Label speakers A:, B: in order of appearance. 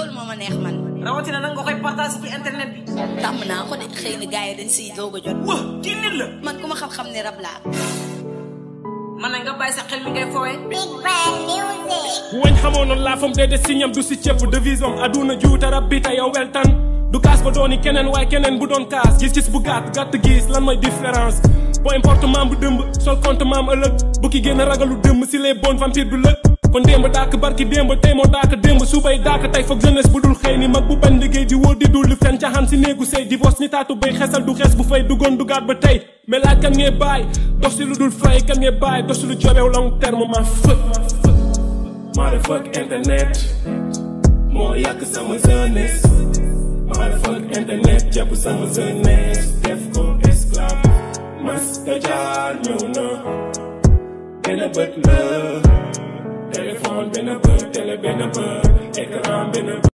A: loolu a ma neex man. rawatina nag nga koy partage ci internet bi. tàmm naa ko de xëy na gars yi dañ siy
B: a jot. wa kii nit la.
A: man ku ma xam-xam ne rab laa. man nga bàyyi sa xel mi ngay fooye. Big Bang Music.
B: weñ xamoonoon laa fam dee des si ñam du si ceeb devise aduna juuta rab bi te yow weltan du kaas ba dooni keneen waaye keneen bu doon kaas gis-gis bu gàtt gàtt gis lan mooy différence. po importe maam bu dëmb sol compte maam ëllëg bu ki génn ragalu dëmb si les bonnes vampires du kon démb dàkk barki démb tey moo dàkk démb subay dàkk tey foog jeunesse bu dul xëy ni mag bu bañ liggéey di wóor di dul li fen caxaan si néegu sëy divorce ni taatu bay xesal du xes bu fay duggoon dugaat ba tey mais laaj kan ngay bàyyi dox si lu dul fay kan ngay bàyyi dox si lu jobew long terme ma fëkk maa fëkk internet moo
C: sama jeunesse def ko esclave mas ka jaar
D: ñëw na benn bët la Tell télé benn bër écran benn